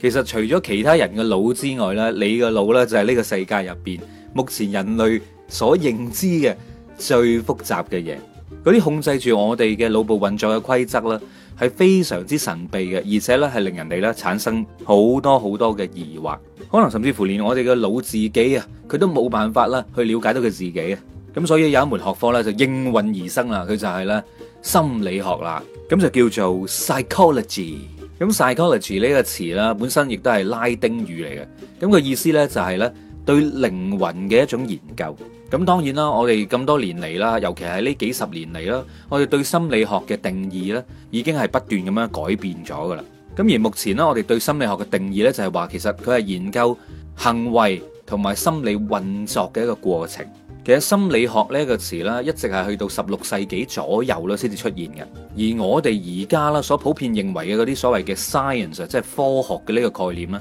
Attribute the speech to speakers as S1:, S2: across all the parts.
S1: 其實除咗其他人嘅腦之外咧，你嘅腦咧就係呢個世界入邊目前人類所認知嘅最複雜嘅嘢，嗰啲控制住我哋嘅腦部運作嘅規則咧，係非常之神秘嘅，而且咧係令人哋咧產生好多好多嘅疑惑，可能甚至乎連我哋嘅腦自己啊，佢都冇辦法啦去了解到佢自己啊，咁所以有一門學科咧就應運而生啦，佢就係咧心理學啦，咁就叫做 psychology。咁 psychology 呢個詞啦，本身亦都係拉丁語嚟嘅，咁個意思呢就係呢對靈魂嘅一種研究。咁當然啦，我哋咁多年嚟啦，尤其係呢幾十年嚟啦，我哋對心理學嘅定義呢已經係不斷咁樣改變咗噶啦。咁而目前呢，我哋對心理學嘅定義呢就係話，其實佢係研究行為同埋心理運作嘅一個過程。其實心理學呢個詞啦，一直係去到十六世紀左右咧，先至出現嘅。而我哋而家啦，所普遍認為嘅嗰啲所謂嘅 science，啊，即係科學嘅呢個概念咧。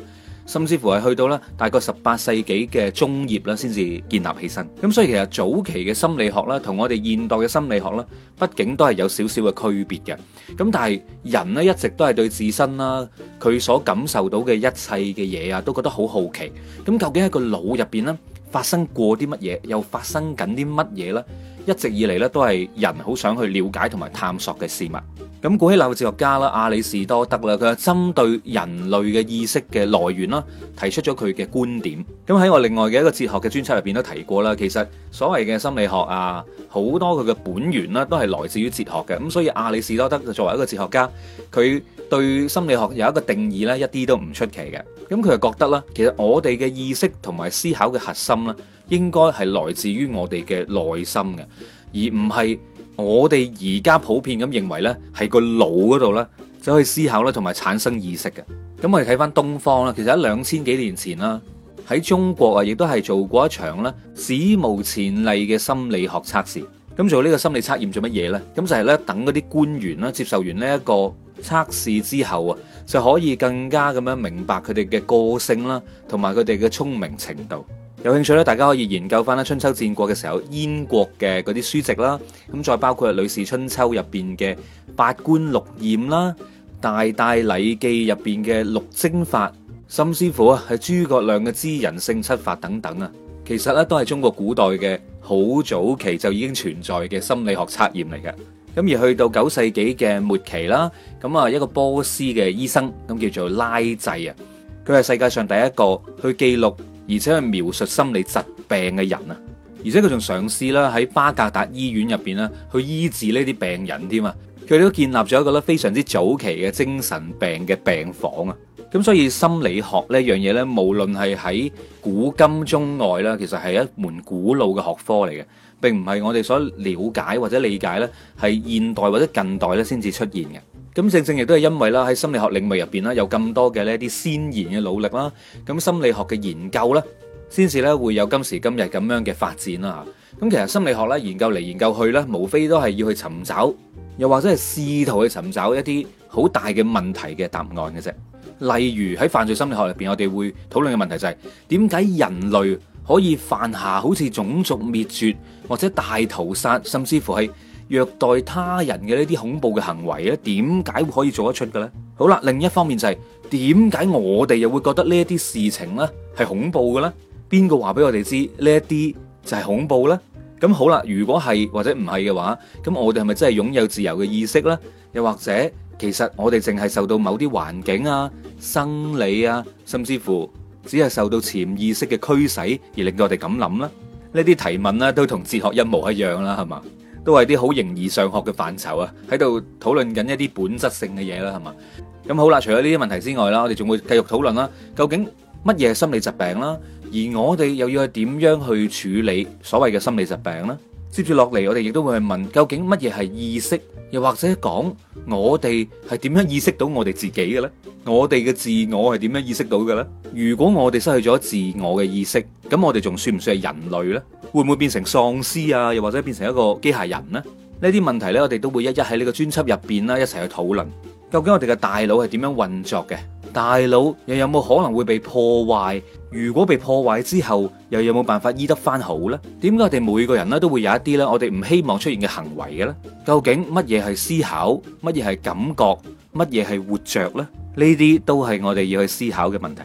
S1: 甚至乎係去到咧大概十八世紀嘅中葉啦，先至建立起身。咁所以其實早期嘅心理學啦，同我哋現代嘅心理學啦，畢竟都係有少少嘅區別嘅。咁但係人咧一直都係對自身啦，佢所感受到嘅一切嘅嘢啊，都覺得好好奇。咁究竟喺個腦入邊咧發生過啲乜嘢，又發生緊啲乜嘢咧？一直以嚟咧都係人好想去了解同埋探索嘅事物。咁古希臘嘅哲學家啦，阿里士多德啦，佢係針對人類嘅意識嘅來源啦，提出咗佢嘅觀點。咁喺我另外嘅一個哲學嘅專輯入邊都提過啦。其實所謂嘅心理學啊，好多佢嘅本源啦，都係來自於哲學嘅。咁所以阿里士多德作為一個哲學家，佢對心理學有一個定義呢，一啲都唔出奇嘅。咁佢就覺得啦，其實我哋嘅意識同埋思考嘅核心呢，應該係來自於我哋嘅內心嘅，而唔係。我哋而家普遍咁認為呢係個腦嗰度呢，就可以思考咧，同埋產生意識嘅。咁我哋睇翻東方啦，其實喺兩千幾年前啦，喺中國啊，亦都係做過一場咧史無前例嘅心理學測試。咁做呢個心理測驗做乜嘢呢？咁就係咧等嗰啲官員啦，接受完呢一個測試之後啊，就可以更加咁樣明白佢哋嘅個性啦，同埋佢哋嘅聰明程度。有興趣咧，大家可以研究翻咧春秋戰國嘅時候，燕國嘅嗰啲書籍啦，咁再包括《呂氏春秋》入邊嘅八觀六驗啦，《大戴禮記》入邊嘅六徵法，甚至乎啊係諸葛亮嘅知人性七法等等啊，其實咧都係中國古代嘅好早期就已經存在嘅心理學測驗嚟嘅。咁而去到九世紀嘅末期啦，咁啊一個波斯嘅醫生咁叫做拉齊。啊，佢係世界上第一個去記錄。而且係描述心理疾病嘅人啊，而且佢仲嘗試啦喺巴格達醫院入邊啦去醫治呢啲病人添啊，佢哋都建立咗一個咧非常之早期嘅精神病嘅病房啊。咁所以心理學呢一樣嘢呢，無論係喺古今中外啦，其實係一門古老嘅學科嚟嘅，並唔係我哋所了解或者理解咧係現代或者近代咧先至出現嘅。咁正正亦都係因為啦，喺心理學領域入邊啦，有咁多嘅呢啲先賢嘅努力啦，咁心理學嘅研究啦，先至咧會有今時今日咁樣嘅發展啦。咁其實心理學咧研究嚟研究去咧，無非都係要去尋找，又或者係試圖去尋找一啲好大嘅問題嘅答案嘅啫。例如喺犯罪心理學入邊，我哋會討論嘅問題就係，點解人類可以犯下好似種族滅絕或者大屠殺，甚至乎係虐待他人嘅呢啲恐怖嘅行為咧，點解會可以做得出嘅咧？好啦，另一方面就係點解我哋又會覺得呢一啲事情咧係恐怖嘅咧？邊個話俾我哋知呢一啲就係恐怖咧？咁好啦，如果係或者唔係嘅話，咁我哋係咪真係擁有自由嘅意識咧？又或者其實我哋淨係受到某啲環境啊、生理啊，甚至乎只係受到潛意識嘅驅使而令到我哋咁諗咧？呢啲提問咧都同哲學一模一樣啦，係嘛？都係啲好形而上學嘅範疇啊，喺度討論緊一啲本質性嘅嘢啦，係嘛？咁好啦，除咗呢啲問題之外啦，我哋仲會繼續討論啦，究竟乜嘢係心理疾病啦？而我哋又要去點樣去處理所謂嘅心理疾病呢？接住落嚟，我哋亦都會去問，究竟乜嘢係意識？又或者講我哋係點樣意識到我哋自己嘅咧？我哋嘅自我係點樣意識到嘅咧？如果我哋失去咗自我嘅意識，咁我哋仲算唔算係人類呢？會唔會變成喪屍啊？又或者變成一個機械人呢？呢啲問題呢，我哋都會一一喺呢個專輯入邊啦，一齊去討論究竟我哋嘅大腦係點樣運作嘅？大腦又有冇可能會被破壞？如果被破壞之後，又有冇辦法醫得翻好呢？點解我哋每個人咧都會有一啲咧，我哋唔希望出現嘅行為嘅咧？究竟乜嘢係思考？乜嘢係感覺？乜嘢係活着呢？呢啲都係我哋要去思考嘅問題。